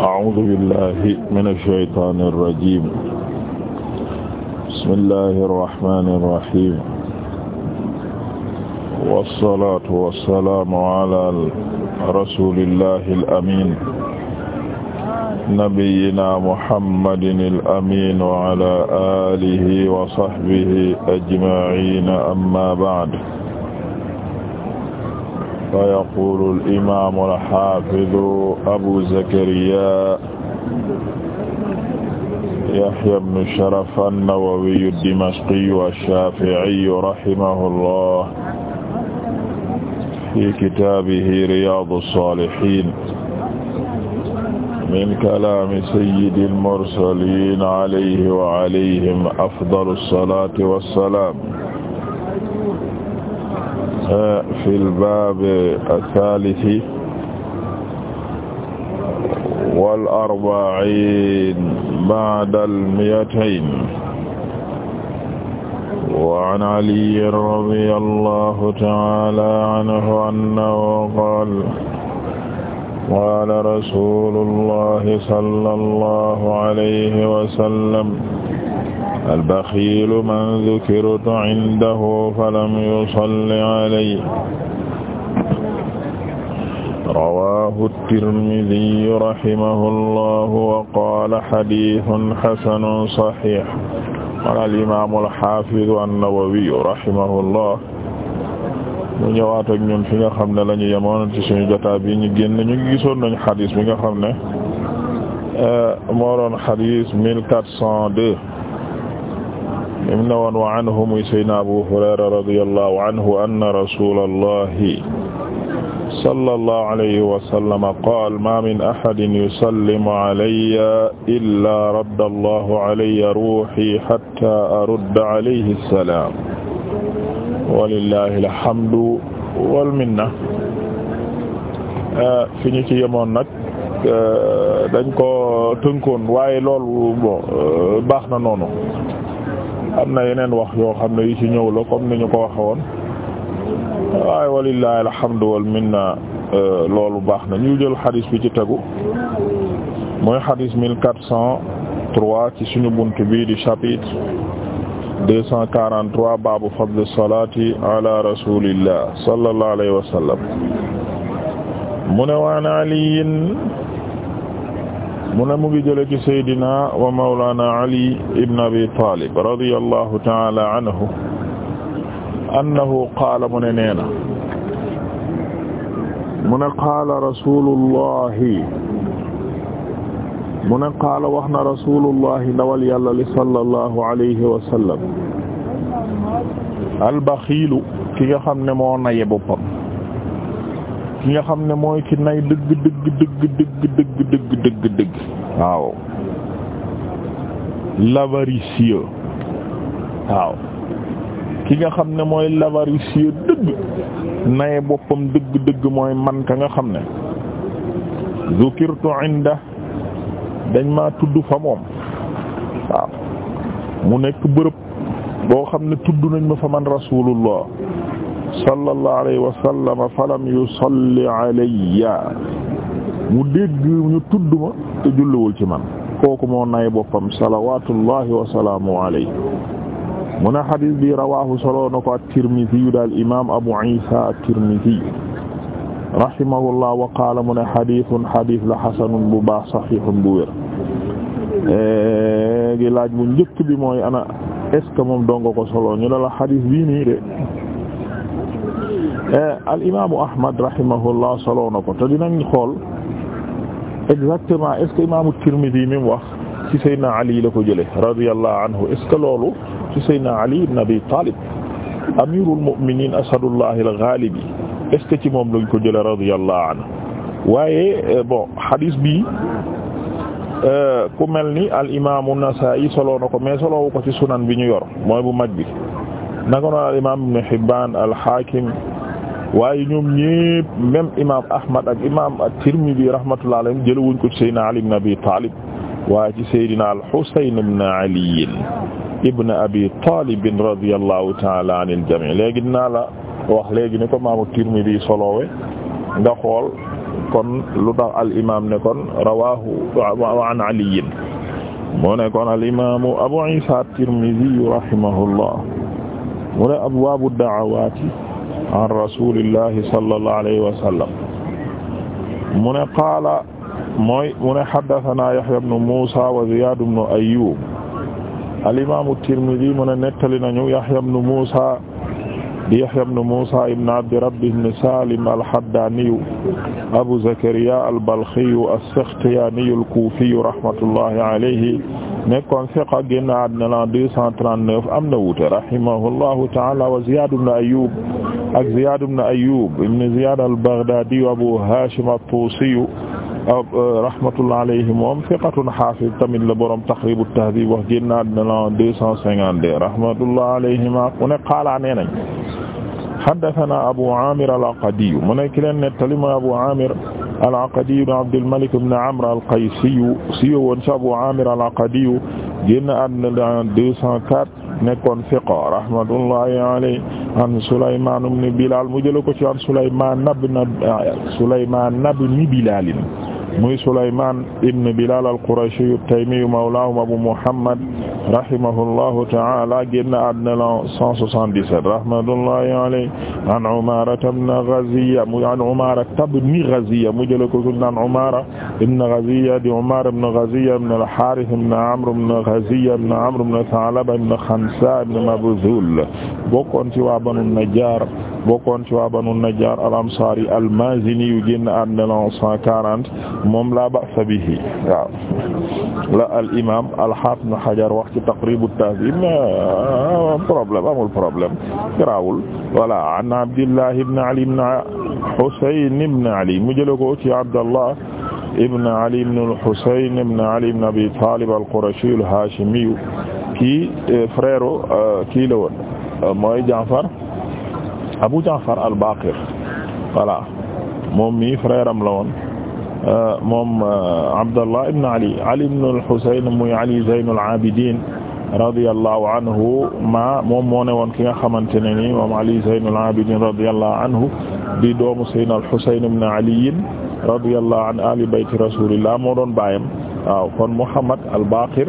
أعوذ بالله من الشيطان الرجيم بسم الله الرحمن الرحيم والصلاة والسلام على رسول الله الأمين نبينا محمد الأمين وعلى آله وصحبه أجمعين أما بعد فيقول الإمام الحافظ أبو زكريا يحيى بن شرف النووي الدمشقي الشافعي رحمه الله في كتابه رياض الصالحين من كلام سيد المرسلين عليه وعليهم أفضل الصلاة والسلام fi al-baab as-saalisi wal arba'iin ba'da al-mi'atayn wa 'an 'Aliyyin radiyallahu ta'aalaa 'anhu annahu qaala qaala rasuulullaahi sallallaahu 'alayhi wa sallam albaxiilu man dukirtu indahu falam yusalli alayhi rawaahu tirmidiyu rahimahullahu wa qaala xadiisun xasanun saxiix qaala al-imaamu al-xaafidu an-nawawiyu rahimahullah mu ñëwaat ak ñun fi nga xam ne la ñu yemoon ci suñu jotaay bi ñu génn ñu ngi gisoon nañu xadiis bi nga xam ne euh, moo doon xadiis 1402 im na woon wa anhu muy saydna abu hurayra radiyallahu anhu anna rasulallahi sallallahu alayhi wa sallam qaal ma min ahadin yusallimu alayya illaa radda allahu alayya ruuhi hatta arudda alayhi salaam walillahi alhamdu wal minna fi ñu ci yemoon nag dañ ko tënkoon waaye loolu bon baax na noonu am na yeneen wax yoo xam ne yi ci ñëw la comme ni ñu ko waxe woon waaye walillahi alhamdu wal minna euh, loolu baax na ñu jël xadis bi ci tegu mooy xadis mille quatre cent trois ci suñu bunt bii di chapitre deux cent quarante trois baabu fadl salaati ala rasulillah sallallahu alayhi wa sallam mu ne waan aliyin mu ne mu ngi jële ci saydina wa mawlana ali ibn abi talib radiyallahu taala anhu annahu qaala mu ne nee na mu ne qaala rasulullahi mu ne qaala wax na rasulullahi ndawal yàlla li sallallahu alayhi wa sallam albaxiilu ki nga xam ne moo naye boppam ki nga xam ne mooy ki nay dëgg dëgg dëgg dëgg dëgg dëgg dëgg dëgg waaw waaw ki nga xam ne mooy l'avaricieux dëgg nay boppam dëgg dëgg mooy man ka nga xam ne zukirtu inda dañ ma tudd fa moom waaw mu nekk bërëb boo xam ne tudd nañ ma fa man rasulullah sallallahu alayhi wa sallam falam yusalli alayya mu dégg ñu tudd ma te julliwul ci man kooku moo nay boppam salawatullahi wa salaamu alayhi mu ne xadis bi rawaahu solo na ko at-Tirmidhi daal imaam Abu Isa at-Tirmidhi rahimahullah wa qaala mu ne xadisun la xasanun bu baax saxiixun bu wér gi laaj bu njëkk bi mooy ana est ce que moom donga ko solo ñu la la xadis bii de Eh, al imaamu Ahmad rahimahullah soloo na ko te dinañ xool exactement est ce que imaamu Tirmidhi mi mu wax ci Seydina Ali la ko jëlee radiyallahu anhu est ce que loolu ci Seydina Ali ibn Abi Talib amirul mu'minin asadullahi al-ghalib est ce que ci moom lañ ko jëlee radiyallahu anhu waaye eh, bon hadis bi eh, ku mel ni al imaamu Nasaa'i soloo na ko mais soloowu ko ci sunan bi ñu yor mooy bu mag bi naka noonu al imaam Ibn Hibbaan al-Haakim waaye ñoom ñépp même imam Ahmad ak imam at-Tirmidhi rahmatullahi alayhim jëlawuñ ko ci Seydina Ali ibn Abi Talib waaye ci al-Husayn ibn Ali ibn Abi Talib radiyallahu ta'ala anil jami' léegi dinaa la wax léegi ni ko imam at-Tirmidhi soloowe nga kon lu al imam ne kon rawahu wa an Ali mu ne kon al imam Abu Isa at-Tirmidhi rahimahullah mu ne abwaabu da'awaati an rasulillahi sallallahu alayhi wa sallam mu ne qaala mooy mu ne haddathana Yahya ibn Musa wa Ziyad ibn Ayyub al-imam at-Tirmidhi mu ne nettali nañu Yahya ibn Musa di Yahya ibn Musa ibn Abdi Rabbi ibn Salim al-Haddani Abu Zakariya al-Balkhi as-Sakhtiyani al-Kufi rahmatullahi alayhi nekkoon siqa génn àddina la 239 am na wuute rahimahullahu ta'ala wa Ziyad ibn Ayyub ak Ziyad ibn Ayyub ibn Ziyad al-Baghdadi Abu Hashim at-Tusi rahmatullah alayhi moom fiqatun hafiz tamit la borom Tahrib at-Tahdhib wax génnaat na la deux cent cinquante deux rahmatullah alayhima mu ne qaala nee nañ haddathana Abu Amir al-Aqadi mu ne ki leen nettali mooy Abu Amir al-Aqadi Abdul Malik ibn Amr al-Qaysi siiwoon ci Abu Amir al-Aqadi génn àddina deux cent quatre nekkoon fiqa rahmatullahi alayhi an Sulaymaan ibn Bilaal mu jël ko ci an Sulaymaan ibn Sulaymaan ibn Bilaal muy Sulaymaan ibn Bilaal al-Qurashi at-Taymi mawlaahum Abu Muhammad rahimahullahu ta'ala génn àddina la 177 rahmatullahi alayhi an Umaara ibn Ghaziya mu an Umaara ibn Ghaziya mu jël ko an Umaara ibn Ghaziya di Umaara ibn Ghaziya ibn al-Haarith ibn Amr ibn Ghaziya ibn Amr ibn Tha'laba ibn Khansa ibn Mabdhul bokkoon ci waa Banu Najjaar bokkoon ci waa banu najjar al ansari al mazini yu génn àddina l'an cent quarante moom la ba'sa bihi waaw la al imam al hafiz ibn hajar wax ci taqrib at tahdhib euh, problème amul problème garaawul voilà an abdillah ibn ali ibn husayn ibn ali mu jële ko ci abdallah ibn ali ibn al husayn ibn ali ibn abi talib al qurashi al hashimi kii euh, frère euh, kii la woon mooy ja'far Abu Ja'far al-Baqir voilà moom mi frère am la woon euh, moom euh, Abdallah ibn Ali Ali ibn al-Husayn muy Ali Zaynul Abidin radiyallahu anhu ma moom moo ne woon ki nga xamante ne ni moom Ali Zaynul Abidin radiyallahu anhu di doomu Sayyidina al-Husayn ibn Ali radiyallahu an ali bayti rasulillah moo doon baayam waaw kon Muhammad al-Baqir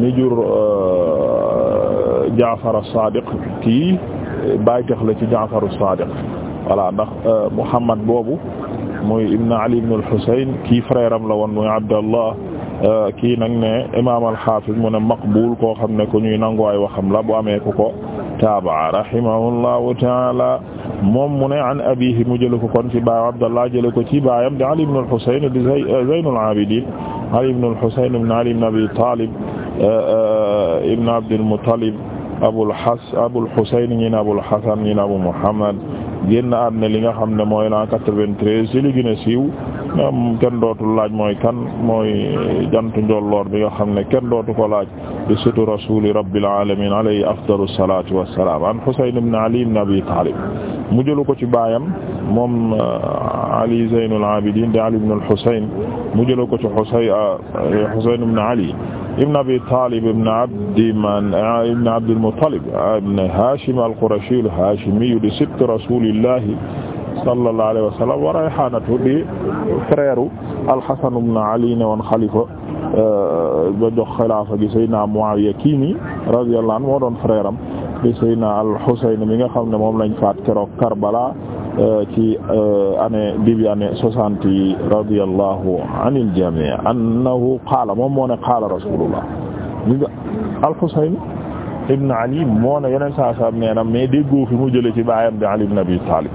mi jur euh, Ja'far as-Sadiq kii baytax la ci Ja'far as-Sadiq ndax euh, Muhammad boobu muy ibn Ali ibn al-Husayn kii frère la woon muy Abdallah euh, kii nag ne imaam al-Hafiz mu ne maqbul koo xam ne ku ñuy ay waxam la bu amee ku ko taaba rahimahullahu taala moom mu ne an abihi mu jële ko kon ci baay Abdallah jële ko ci baayam di Ali ibn al-Husayn di euh, Zaynul abul xas abul xusayn ñi ne abul xasan ñi ne abu muhammad génn li nga xam ne mooy la 93 ci li gën dootul laaj mooy kan mooy jant njolloor bi nga xam ne kenn dootu ko laaj di sutu rasuli rabbil alamin alayhi afdalu salatu wassalam an husayn ibn ali ibn abi talib mu jëlu ko ci baayam moom uh, ali zaynul abidin di ali ibn al husayn mu jëlu ko ci uh, husayn husayn ali ibn abi talib ibn abdi man ah, ibn abdil muttalib ah, ibn hashim al-qurashi al-hashimi di sibt rasulillahi sallallahu alayhi wa sallam wa rayhanatu di frère al-hasan ibn ali ne woon xalifa eh, ba jox xilaafa gi sayyidina muawiya kiini radiyallahu anhu moo doon frère am di sayyidina al-husayn mi nga xam ne moom lañ faat keroog karbala Euh, ci euh, année bi bi année soixante yi radiyallahu anil jami' annahu qaala moom moo ne qaala rasulullah ñu nga Ali moo ne yeneen saa saa nee na mais déggoo fi mu jëlee ci baayam bi Ali ibn Abi Talib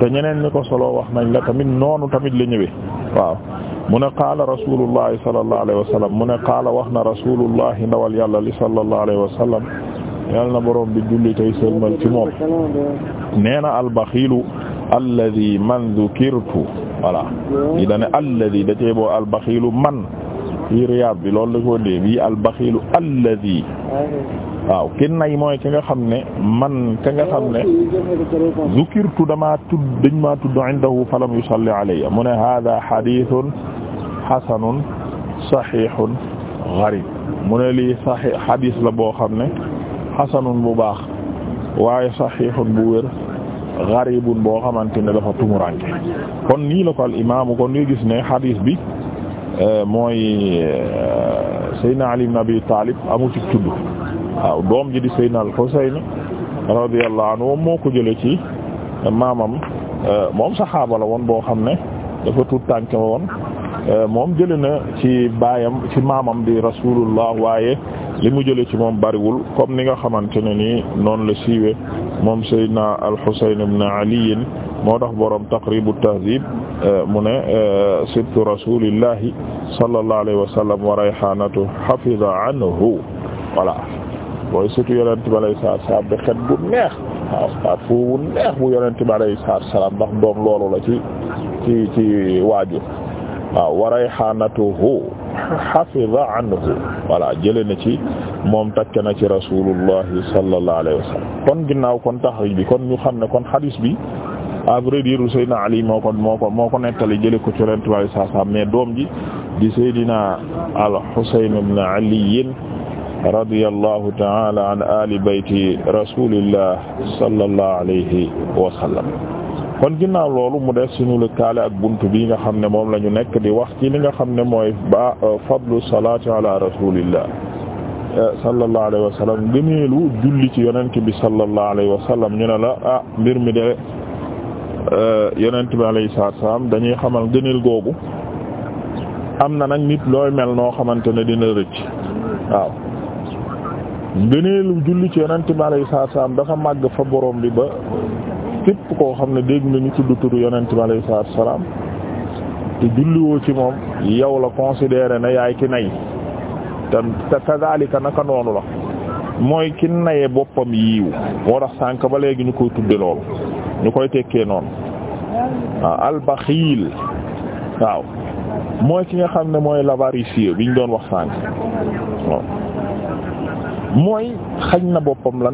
te ñeneen ñi ko solo wax nañ la tamit noonu tamit la ñëwee waaw mu ne qaala rasulullahi sallallahu alayhi wa sallam mu ne qaala wax na rasulullahi ndawal yàlla li sallallahu alayhi wa sallam yàlla na borom bi julli tey sëlmal ci moom nee na albaxilu alladi man dukirtu voilà yi dane alladi da cee boo albaxilu man fii Riyad bi loolu la ko dee bii albaxilu alladi waaw ki nay mooy ki nga xam ne man ka nga xam ne dukirtu damaa tudd dañ maa tudd indahu falam yusalli alayya mu ne hada hadithun hasanun sahihun gharib mu ne lii sahih hadith la boo xam ne hasanun bu baax waaye saxiixun bu wér gariibun boo xamante ne dafa tumuranke kon nii la ko al imaamu kon ñu gis ne xadiis bi eh, mooy eh, Seydina Ali ibn Abi Taalib amu ci tudd waaw doom ji di Seydina al Xuseyn radiyallahu anhu moo ko jële ci maamam eh, moom saxaaba la woon boo xam ne dafa tuut tànk woon moom jële na ci baayam ci maamam di Rasuulullah waaye li mu jëlee ci moom bariwul comme ni nga xamante ne nii noonu la siiwee moom Seydina al-Husayn ibn Ali moo tax borom Taqrib at-Tahdhib eh, mu ne eh, sibtu rasulillahi sallallahu alayhi wa sallam wa rayhanatu hafiza anhu voilà booy surtout yonent bi alayhi salaatu wa salaam xet bu neex waaw parfum bu salaam ndax doom loolu la ci ci ci waajur waaw wa hafiza anhu voilà jëlee na ci moom takk na ci rasulullah sallallahu alayhi wa sallam kon ginnaaw kon taxrij bi kon ñu xam ne kon hadis bi à vrai dire Seydina Ali moo ko moo ko moo ko nettali jëlee ko ci Yonent bi saa saa mais doom ji di Seydina al-Husayn ibn Ali radiyallahu ta'ala an ali bayti rasulillah sallallahu alayhi wa sallam kon ginnaaw loolu mu des suñu lëkkaale ak bunt bi nga xam ne moom la ñu nekk di wax ci li nga xam ne mooy ba euh, fadlu salaati ala rasulillah euh, sallallahu alayhi wa sallam gëneelu julli ci yonent bi sallallahu alayhi wa sallam ñu ne la ah mbir mi de euh, yonent bi alayhi salaam dañuy xamal gëneel googu am na nag nit looy mel noo xamante ne dina rëcc waaw gëneelu julli ci yonent bi alayhi salaatu salaam dafa màgg fa borom bi ba képp koo xam ne dégg nga ñu tudd turu yonent bi alayhi salaatu salaam te julliwoo ci moom yow la considere na yaay ki nay te kadhalika naka noonu la mooy ki naye boppam yiiw moo tax sànk ba léegi ñu koy tudde loolu ñu koy tekkee noonu waaw ah, albaxiil waaw mooy ki nga xam ne mooy l'avaricieux biñ doon wax sànk mooy xañ na boppam la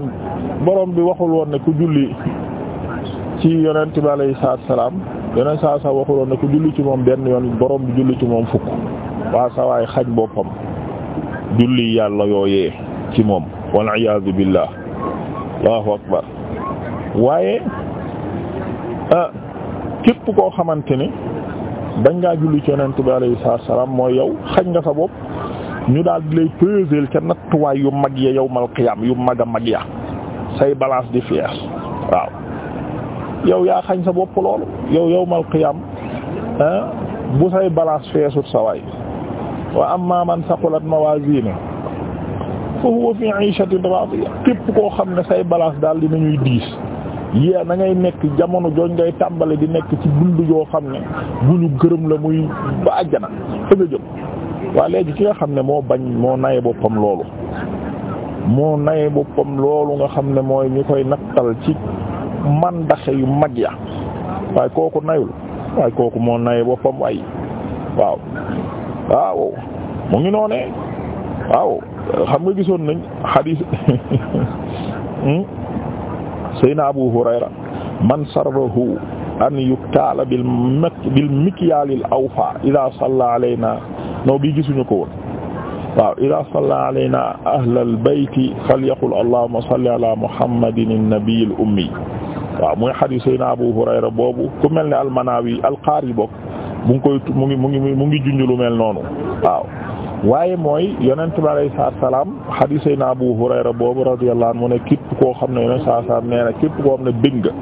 borom bi waxul woon ne ku julli ci yonent bi alayhi salaatu salaam yonent saa sa waxuloon ne ku julli ci moom benn yoon borom bi julli ci moom fukk waa sawaay xañ boppam julli yàlla yooyee ci moom wal iyaadu billah waaye ah, képp koo xamante ne dañ ngaa julli ci yonent bi alayhi salaatu salaam mooy yow xañ nga sa bopp ñu daal di lay peser ca nattuwaay yu mag ya yawmal qiyaam yu mag a mag ya say balance di fees waaw yow yaa xañ sa bopp loolu yow yawmal qiyaam ah, bu say balance feesut sa waay wa amma man saqulat mawaaziinu fa huwa fi 'ishatin raadiya képp koo xam ne say balance daal ñuy diis yée na ngay nekk jamono jooñ ngay tàmbale di nekk ci dund yoo xam ne bu ñu gërëm la muy ba àjjana fa nga jëm waa léegi ki nga xam ne moo bañ moo naye boppam loolu moo naye boppam loolu nga xam ne mooy ñi koy nattal ci mandaxe yu mag ya waaye kooku nayul waaye kooku moo naye boppam waay waaw waaw mu ngi noonee waaw xam nga gisoon nañ xadiis sayna hmm? Abu Hurayra man sarrahu an yuktaala bil bil mikyaalil awfa idaa salla alaynaa noo bii gisuñu ko woon waaw idaa salla alaynaa ahlal bayti falyaqul allahumma salli ala muhammadin an-nabiyil ummi waaw mooy xadiis na Abu Hurayra boobu ku mel ni al-Manawi al-Qari bokk mu ngi koy mu ngi mu ngi mu ngi junj lu mel noonu waaw. waaye mooy yonent bi alayhi salaatu salaam xadiis Seydina Abu Hurayra boobu radiyallahu anhu mu ne képp koo xam ne yonent saa saa nee na képp koo xam ne bëgg nga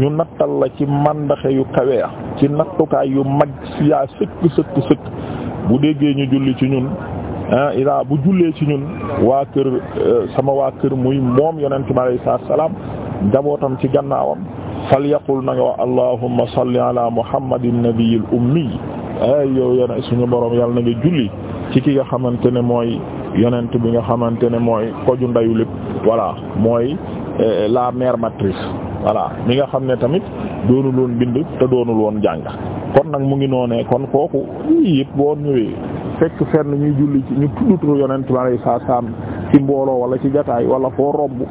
ñu nattal la ci mandaxe yu kawe ci nattukaay yu mag si yaa sëkk sëkk bu déggee ñu julli ci ñun. ah bu jullee ci ñun waa kër eh, sama waa kër muy moom yonent bi alayhi salaam njabootam ci gannaawam falyaqul na nga wax allahumma salli ala muhammadin nabiyil ummi ay yow yone suñu boroom yàlla na nga julli ci ki nga xamante ne mooy yonent bi nga xamante ne mooy koju ndayu lépp voilà mooy eh, la mère matrice voilà mi nga xam ne tamit doonul woon bind te doonul woon jàng kon nag mu ngi noonee kon kooku yii yëpp boo ñëwee fekk fenn ñuy julli ci ñu tudd yonent bi alayhi salaam ci mbooloo wala ci jataay wala foo romb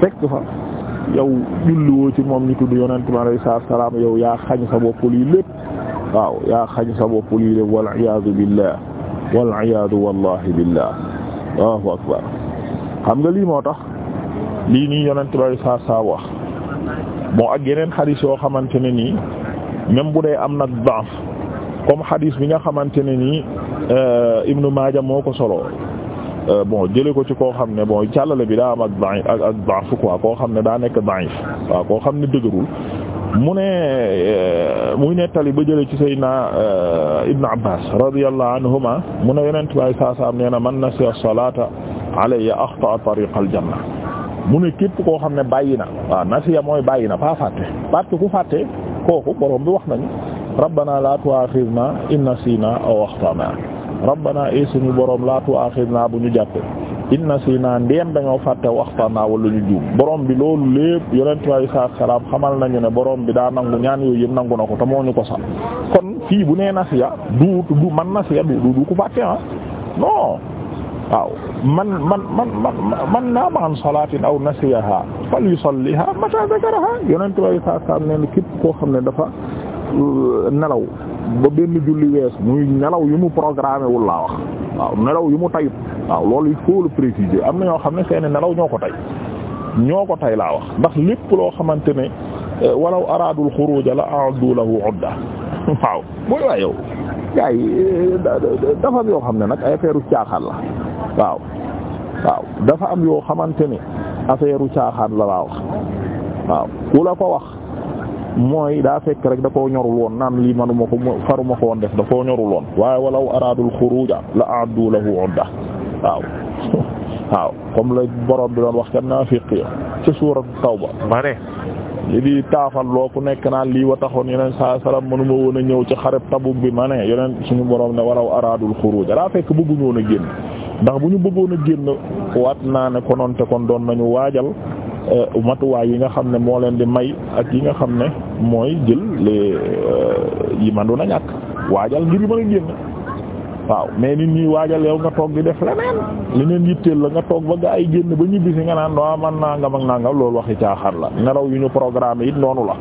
fekk fa yow julliwoo ci moom ñu tudd yonent bi alayhi salaatu salaam yow yaa xañ sa bopp lii lépp waaw yaa xañ sa bopp lii lépp wal iyaadu billah wal iyaadu wallahi xam nga lii moo tax lii nii yonent bi alayhi salaatu wa salaam wax bon ak yeneen xadiis yoo xamante ne nii même bu dee am nag daaf comme xadiis bi nga xamante ne nii euh, Ibnu Maaja moo ko solo Euh, bon jëlee ko ci koo xam ne bon càllale bi daa am ak da'if ak ak xam ne daa nekk da'if waaw koo xam ne dëgërul mu ne euh, mu nettali ba jëlee ci Seydina euh, Ibn Abbas radiyallahu anhuma mu ne yonent bi saa saa na man nasiya salata alayya akhta tariqal janna mu ne képp koo xam ne bàyyi na nasiya mooy bàyyi na pas fàtte parce que ku fàtte borom bi wax nañu rabbana la tu'akhidna in nasina aw akhtana rabbana e suñu borom la tu'akhidna bu ñu jàppe inna si naa ndéem dañoo fàtte waxtaan naa wala ñu juum borom bi loolu lépp yonent bi salaam xamal nañu ne borom bi daa nangu ñaan yooyu yëpp nangu na ko te moo ñu ko sax kon fii bu nee nasiya du du man nasiya du du ko fàtte ah non waaw man man man man man naama an salaatin aw nasiyaha falyusalliha mata dhakaraha yonent bi salaam nee na képp koo xam ne dafa euh, nelaw. ba benn julli wees muy nelaw yu mu programmé wul laa wax waaw nelaw yu mu tayut waaw loolu il faut le préciser am na ñoo xam ne seeni nelaw ñoo ko tay ñoo ko tay laa wax ndax lépp loo xamante ne eh, walaw araadul xuruuja la a'addu lahu waaw mooy waa yow gars eh, dafa am yoo xam ne nag ay affaire u la waaw dafa am yoo xamante ne affaire u caaxaan la laa wax waaw ku la ko wax mooy daa fekk rek da koo ñorul woon naan lii manuma ko faruma ko woon def da koo ñorul woon waaye walaw araadul xuruja la a'addu lahu udda waaw waaw comme la borom bi doon wax ca naafiq ya ca suuratu taw ba ma di taafal loo ku nekk naan lii wa taxoon yeneen saa salaam woon a ñëw ci xareb tabu bi ma ne yeneen suñu borom ne walaw araadul xuruja daa fekk bëgguñu woon a génn ndax bu ñu bëggoon a génn waat naa ne konoon te kon doon nañu waajal Euh, matuwaay yi nga xam ne moo leen di may ak yi nga xam ne mooy jël les euh, yi mandu na ñàkk waajal ngir mën a génn waaw mais nit ñi waajal yow nga toog di def leneen li neen yitteel la nga toog ba nga ay génn ba ñibbi si nga naan waaw man nangam ak nangam loolu waxi caaxaan la nelaw yu ñu programme it noonu la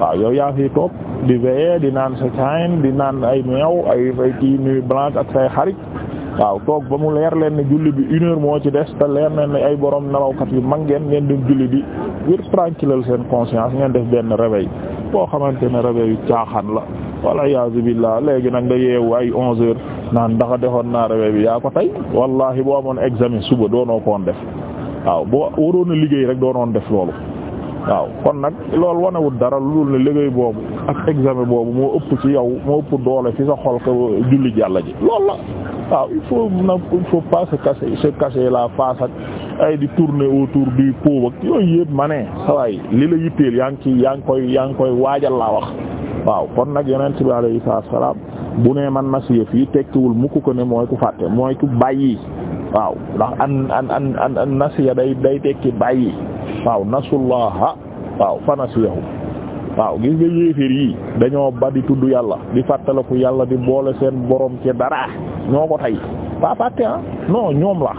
waaw yow yaa fi toog di veiller di naan sa caen di naan ay meew ay ay kii nuit blanche ak say xarit waaw toog ba mu leer leen ne julli bi une moo ci des te leer leen ne ay borom nelawkat yu mag ngeen ngeen dem julli bi ngir tranquille seen conscience ngeen def benn réveil boo xamante ne réveil yu caaxaan la walla iyaazu billaah léegi nag nga yeewu ay onze heures naan ndaxa defoon naa réveil bi yaa ko tey wallahi boo amoon examen suba doonoo koon def waaw boo waroon a liggéey rek doonoon def loolu waaw kon nag loolu wanewul dara lu dul ne liggéey boobu ak boobu moo ëpp yow moo doole fi sa julli jàlla ji loolu waaw ah, il faut nag il faut pas la face ak ay di tourner autour du pot ak yooyu ma ne sawaay li la yitteel yaa ngi ci yaa koy waajal laa wax waaw kon nag yonent bi alayhi salaam bu ne man nasiya fii tekkiwul mukk ko ne mooy ku fàtte mooy ku bàyyi waaw ndax an an an an nasiya day day tekki bàyyi waaw nasullaha waaw fa nasiyahu waaw gis nga yéeféer yi dañoo ba di tudd yàlla di fàttaliku yàlla di boole seen borom ci dara ñoo ko tey pas fàtte ah ñoom la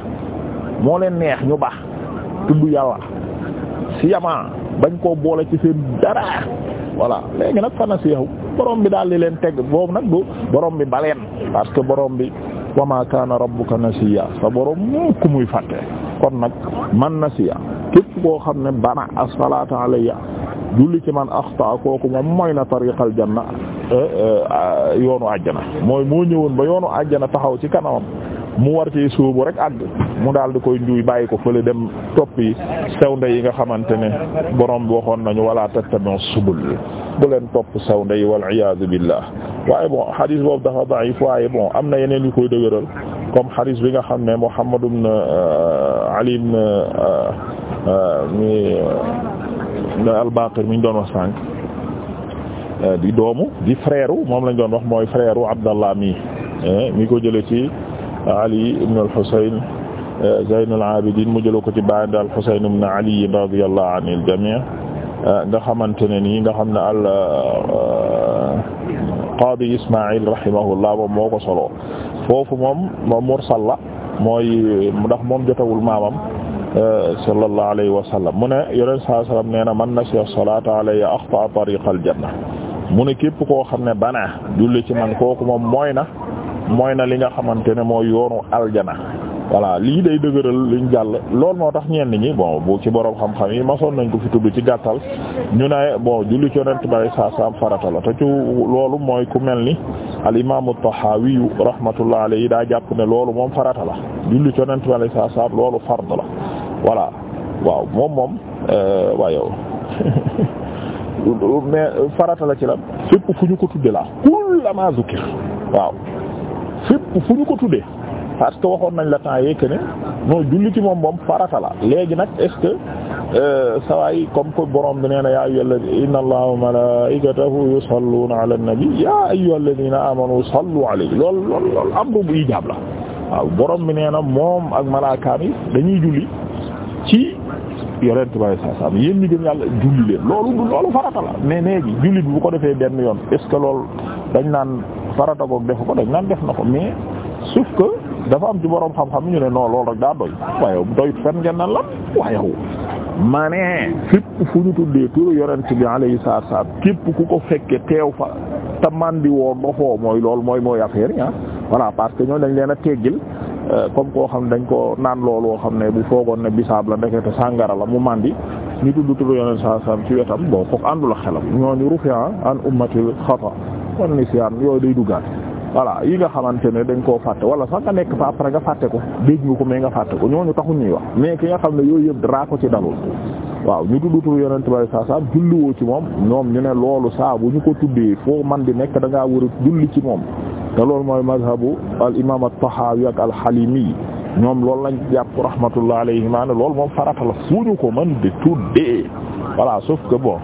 moo leen neex ñu baax tudd yàlla si yamaa bañ koo boole ci seen dara voilà léegi nag fana seexu boroom bi daal di leen teg boobu nag du borom bi baleen parce que boroom bi wa ma kaana rabbuka nasiya sa borom mu ku muy fàtte kon nag man nasiya képp koo xam ne bana as-salaata alayya julli ci man axta kooku moom mooy na tariqal janna eh, eh, yoonu àjjana mooy moo ñëwoon ba yoonu àjjana taxaw ci kanamam mu war ci suubu rek àgg mu daal di koy njuuy bàyyi ko fële dem toppi sew nde yi nga xamante ne borom bi waxoon nañu wala tattabi'u subul bu leen top sew nde yi wal iyaadu billah waaye bon hadis boobu dafa da'if waaye bon am na yeneen yu koy dëgëral comme hadis bi nga xam ne Muhammad ibn euh, Ali ibn euh, euh, al-Baqir mi ñu doon wax sànq eh, di doomu di frère moom lañ doon wax mooy frère Abdallah mi eh, mi ko jële ci Ali ibn al-Husayn eh, Zayn al-Abidin mu jële ko ci baay al-Husayn ibn Ali radiyallahu anil jami' nga xamante ne nii nga xam ne al Qadi Ismaïl rahimahullah moom moo ko solo foofu moom mursal la mooy ndax moom jotawul maamam Euh, sallallahu alayhi wa sallam mu ne yonent sallallahu alayhi wa sallam nee na man nasiya salaata alayya axta tariqal janna mu ne képp koo xam ne banaa julli ci man kooku moom mooy na mooy na li nga xamante ne mooy yoonu aljana voilà lii day dëgëral luñ jàll lool moo tax ñenn ñi bon ci borom xam-xam yi masoon nañ ko fi tudd ci gàttal ñu ne boo julli ci yonent saa saam farata la te ci loolu mooy ku mel ni al imaamu Tahawi rahmatullah alayhi daa jàpp ne loolu moom farata la julli ci yonent bari saa saam loolu fard la voilà waaw moom moom euh, waa yow mais euh, farata la ci la fépp fu ñu ko tudde la kullama zukir waaw fépp fu ñu ko tudde parce que waxoon nañ la temps yee que ne non julli ci moom moom farata la léegi nag est-ce que euh, sawaay comme que borom bi nee na yaa ayyuhal ladina inna allaha wa malaikatahu yusalluna ala nabi yaa ayyuhal ladina amanu sallu alayhi lool lool lool amru bu ijaab la waaw borom bi nee na moom ak malaakaam yi dañuy julli ci yonent bi saa saa yéen ñi gëm yàlla julli leen loolu du loolu farata la mais léegi julli bi bu ko defee benn yoon est ce que lool dañ naan farata goog defu ko dañ naan def na ko mais sauf que dafa am ci boroom xam-xam ñu ne non loolu rek daa doy waaye doy fen ngeen nan la waaye ma ne fépp fu ñu tuddee turu yonent bi yi salaatu salaam képp ku ko fekke teew fa te man di woo dofoo mooy loolu mooy mooy affaire yi ah voilà parce que ñoo dañ leen a teggil Euh, comme koo xam ne dañ ko naan looloo xam ne bu foogoon ne bisaab la ndekete sàngara la mu màndi ñu tudd turu yoneen saa saa ci wetam boo ko àndul a xelam ñooñu rufi'a an ummati xata wan nisyaan yooyu day duggaat voilà yi nga xamante ne dañ koo fàtte wala sax nga nekk fa après nga fàtte ko dégg nga ko mais nga fàtte ko ñoo ñooñu taxu ñuy wax mais ki nga xam ne yooyu yëpp dara ko ci dalul waaw ñu tudd turu yoneen tubaab saa saa julliwoo ci moom ñu ne loolu saa ñu ko tuddee foo man di nekk da ngaa war julli ci moom. te loolu mooy mazhabu al imaam at-Tahawi ak al-Halimi ñoom loolu lañ jàpp rahmatullah alayhima ne lool moom farata la fu ñu ko mën di tuddee voilà sauf que bon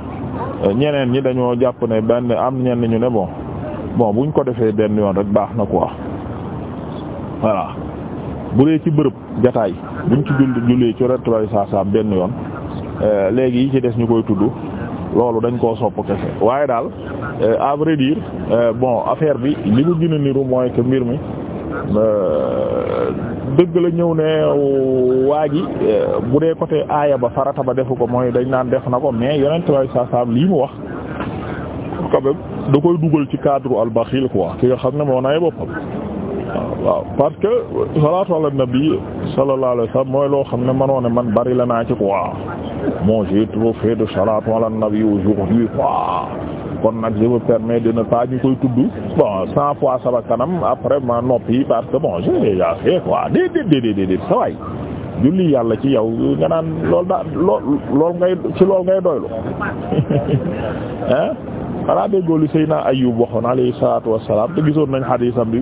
ñeneen ñi dañoo jàpp ne benn am ñenn ñu ne bo bon buñ ko defee benn yoon rek baax na quoi voilà bu dee ci bërëb jataay buñ ci julli jullee ci retroy saa saa benn yoon euh, léegi yi ci des ñu koy tudd loolu dañ koo sopp kese waaye daal euh, à vrai euh, bon affaire bi li mu gën niru mooy que mbir mi euh, dëgg la ñëw ne waa ji bu dee côté aaya ba farata ba defu ko mooy dañ naan def na ko mais yonent way sa sam lii mu wax quand même da koy dugal ci cadre al baxil quoi ki nga xam ne moo nay boppam waaw parce que salaatu ala nabi sallallahu mooy loo xam ne manoo ne man bari la naa ci quoi bon j'ai trop fait de salaatu ala nabi aujourd'hui quoi kon nag je me permets de ne pas ñu koy tudd bon cent fois sama kanam après ma noppi parce que bon déjà fait quoi déedéet déedéet déedéet julli yàlla ci yow nga naan loolu daa lool lool ngay ci lool ngay doylu ah xanaa déggoo li Seydina Ayyub waxoon alayhi salaatu wassalaam te gisoon nañ xadiisam bi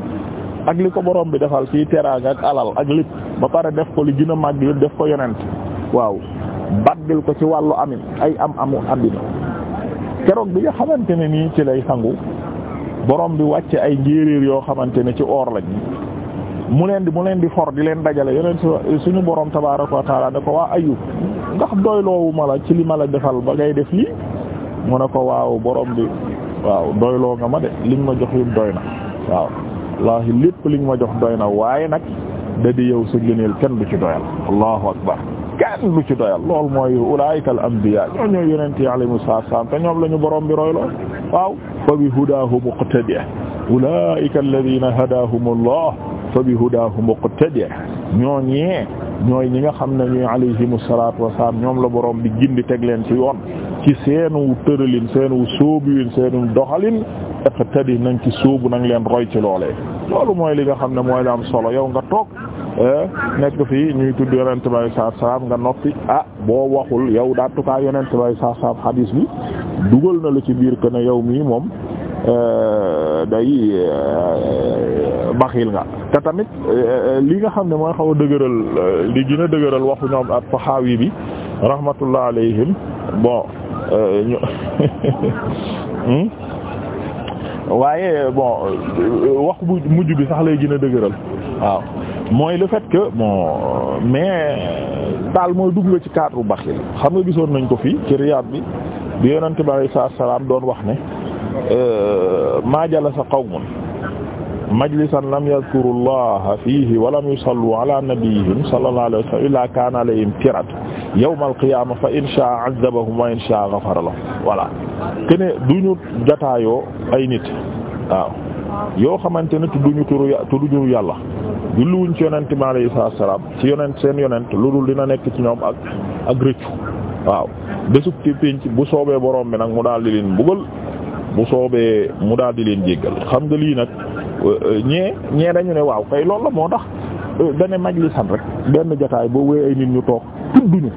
ak li ko borom bi defal ci teraanga ak alal ak lépp ba pare def ko li gën a màgg yëpp def ko yonent waaw baddil ko ci wàllu amin ay am amu àddina keroog bi nga xamante ne nii ci lay sangu borom bi wàcce ay njéeréer yoo xamante ne ci oor lañ mu leen di mu leen di for di leen dajale yonent suñu borom tabaaraka wa taala ne ko waa ayub ndax doyloowuma la ci li ma la defal ba ngay def lii mu ne ko waaw borom bi waaw doyloo nga ma de liñ ma jox yëpp doy na waaw wallaahi lépp li nga ma jox doy na waaye nag da di yow sa gëneel kenn du ci doyal allahu akbar kenn du ci doyal loolu mooy ulaayika al anbiya ñoo ñooy yonent yi alayhimu salaam te ñoom la ñu borom bi roy lool waaw fa bi hudaahu muqtadi ulaayika alladhiina hadaahumullah fa bi hudaahu muqtadi ñooñee ñooy ñi nga xam ne ñuy alayhimu salaatu wa salaam ñoom la borom bi gindi teg leen ci yoon ci seenu tëralin seenu sóobuwin seenu doxalin iqtadi nañ ci sóobu nañ leen roy ci loole loolu mooy li nga xam ne mooy la am solo yow nga toog eh, nekk fii ñuy tudd yonent bay saa saam nga noppi ah boo waxul yow daa tukaa yonent bay saa saam xadiis bi dugal na la ci biir que yow mii moom eh, day eh, baxiil nga te tamit li nga xam ne mooy xaw a dëgëral li gën a dëgëral waxu ñoom at Tahawi bi rahmatullah alayhim bon Euh, hmm? waaye bon euh, wax bu mujj bi sax lay gën a dëgëral waaw mooy le fait que bon mais daal mooy dugg nga ci cadre baxil xam nga gisoon nañ ko fii ci Riyad bi bi yonent bi alayhi salaam doon wax ne euh, maa jala sa qawmun majlisan lam yadkuru llaha fiihi wa lam yusallu ala nabiyyihim sallallahu alayhi wa sallam illaa kaana alayhim tirat yawma alqiyaama fa in sha'a azabahum wa in sha'a ghafara lahum voilà kene duñu jataayoo ay nit waaw yoo xamante ne tudduñu turu tudduñu yàlla julliwuñ ci yonent bi alayhi salaam ci yonent seen yonent lu dul dina nekk ci ñoom ak ak rëccu waaw bésub ci bu soobee borom bi nag mu daal di leen mbugal bu soobee mu daal di leen jéggal xam nga lii nag Euh, ñee ñee dañu ne waaw kay loolu la moo tax euh, dane majlisan rek benn jataay boo wéy ay nit ñu toog tudduñu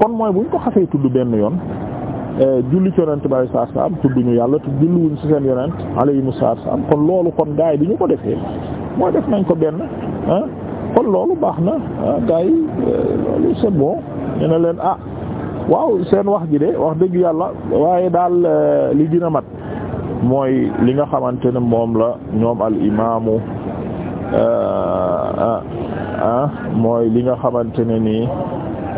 kon mooy buñ ko xasee tudd benn yoon euh, julli ci yonent bari saa saam tudduñu yàlla te julliwuñ ci seen yonent alayhimu saa saam kon loolu kon gaay bi ñu ko defee mooy def nañ ko benn ah, kon loolu baax na ah, gaay c'est bon ñu ne leen ah waaw seen wax ji de wax dëgg yàlla waaye daal li dina mat mooy li nga xamante ne moom la ñoom al imaamu euh, euh, ah mooy li nga xamante ne nii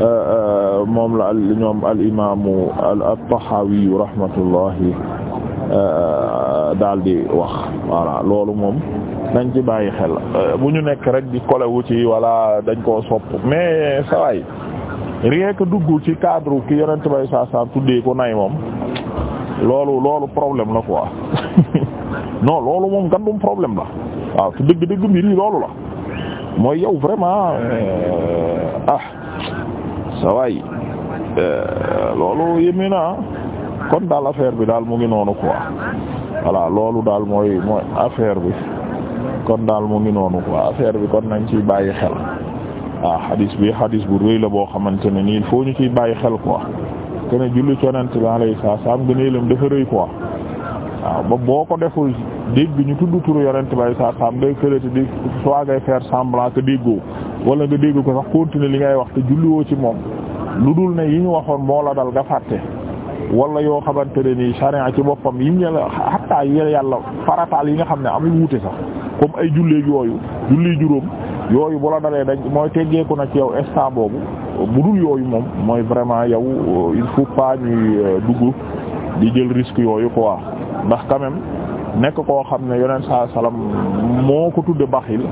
euh, moom la ñoom al imaamu at-Tahawi rahmatullahi daal di wax voilà loolu moom nañ ci bàyyi xel bu ñu nekk rek di kolewu ci wala dañ koo sopp mais sawaay rien que dugg ci cadre ki yonent bay saa saa tuddee ko nay moom loolu loolu problème la quoi non loolu moom gandum problème la waaw te dëgg-dëgg mbir loolu la mooy yow vraiment euh, ah sa waay euh, loolu yéeme na kon daal affaire bi daal mu ngi noonu quoi voilà loolu daal mooy mooy bi kon daal mu ngi noonu quoi affaire bi kon nañ ciy bàyyi xel waaw ah, xadis bi xadis bu rëy la boo xamante ne nii il ñu ciy bàyyi xel quoi. que ne julli conant bi alayhi salaam gëneelam dafa rëy quoi waaw ba boo ko deful dégg ñu tudd turu yonent bay saa saam ngay kërati di soit ngay faire semblant que déggoo wala nga dégg ko sax continuer li ngay wax te julliwoo ci moom lu dul ne yi ñu waxoon moo la dal nga fàtte wala yoo xamante ne nii charia ci boppam yi ñu la xatta yàlla farataal yi nga xam ne amul wuute sax comme ay julleeg yooyu julli juróom yooyu bu la dalee dañ mooy teggeeku na ci yow instant boobu bu dul yooyu moom mooy vraiment yow euh, il faut pas ñuy euh, dugg di jël risque yooyu quoi ndax quand même nekk koo xam ne yoneen saa salaam moo ko tudde baxil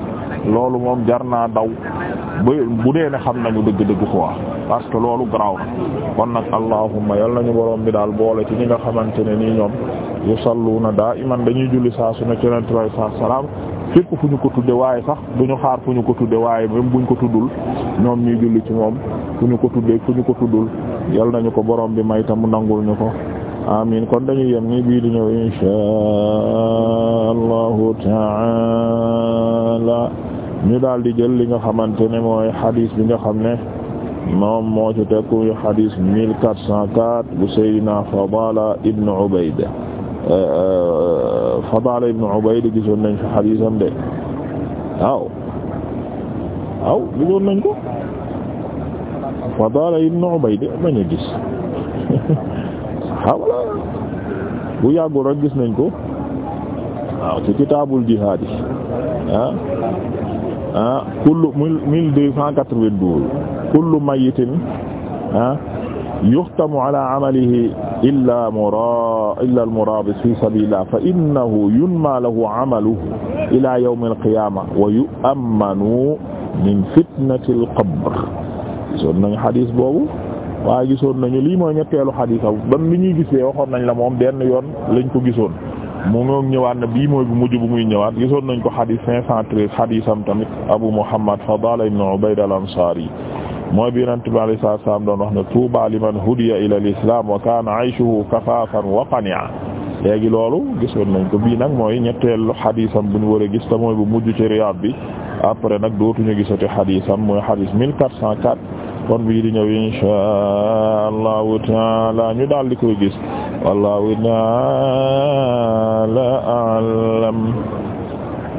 loolu moom jar naa daw ba bu dee ne xam nañu dëgg-dëgg quoi parce que loolu garaaw na kon nag allahumma yal nañu borom bi daal boole ci ñi nga xamante ne nii ñoom na daa man dañuy julli saa su ne ci yonent bi saa salaam fépp fu ñu ko tudde waaye sax duñu xaar fu ñu ko tudde waaye bu buñ ko tuddul ñoom ñuy julli ci moom fu ñu ko tuddee fu ñu ko tuddul yal nañu ko boroom bi may ta mu nangul ñu ko amin kon dañuy yem ni bii di ñëw inshaa allahu taala ñu daal di jël li nga xamante ne mooy xadiis bi nga xam ne moom moo ci tekku xadiis mille quatre cent quatre bu Seydina Fadala ibn Ubayd Eh, eh, Fadala ibn Ubayd gisoon nañ fi xadiisam de waaw waaw gisoon nañ ko Fadala ibn Ubayd bañ a gis xaw ma bu yàggul rek gis nañ ko waaw ci kitaabul jihaad yi ah ah kullu mille mille deux cent quatre-vingt-douze kullu mayitin ah. yuxtamu ala amalihi illa mura illa almurabis fi sabilillah fa innahu yunma lahu amaluhu ila yawm alqiyama wa yu'ammanu min fitnati alqabr gisoon nañu xadis boobu waaye gisoon nañu lii mooy ñetteelu xadis am bam li ñuy gisee waxoon nañ la moom benn yoon lañ ko gisoon mu ngi ñëwaat na bii mooy bu mujj bu muy ñëwaat gisoon nañ ko xadis 513 xadisam tamit Abu Muhammad Fadala ibn Ubayd al-Ansari mooy bi Yonent bi alayhi salaatu wa salaam doon wax ila al-islaam wa kaana wa qani'an léegi loolu gisoon nañ ko bii nag mooy ñetteelu xadisam bu ñu war a gis te mooy bu mujj ci Riyaad bi après nag dootuñu gisati xadisam mooy xadis 1404 kon bii di ñëw inshaa Allahu taala ñu daal di ko gis wallahu taala a'lam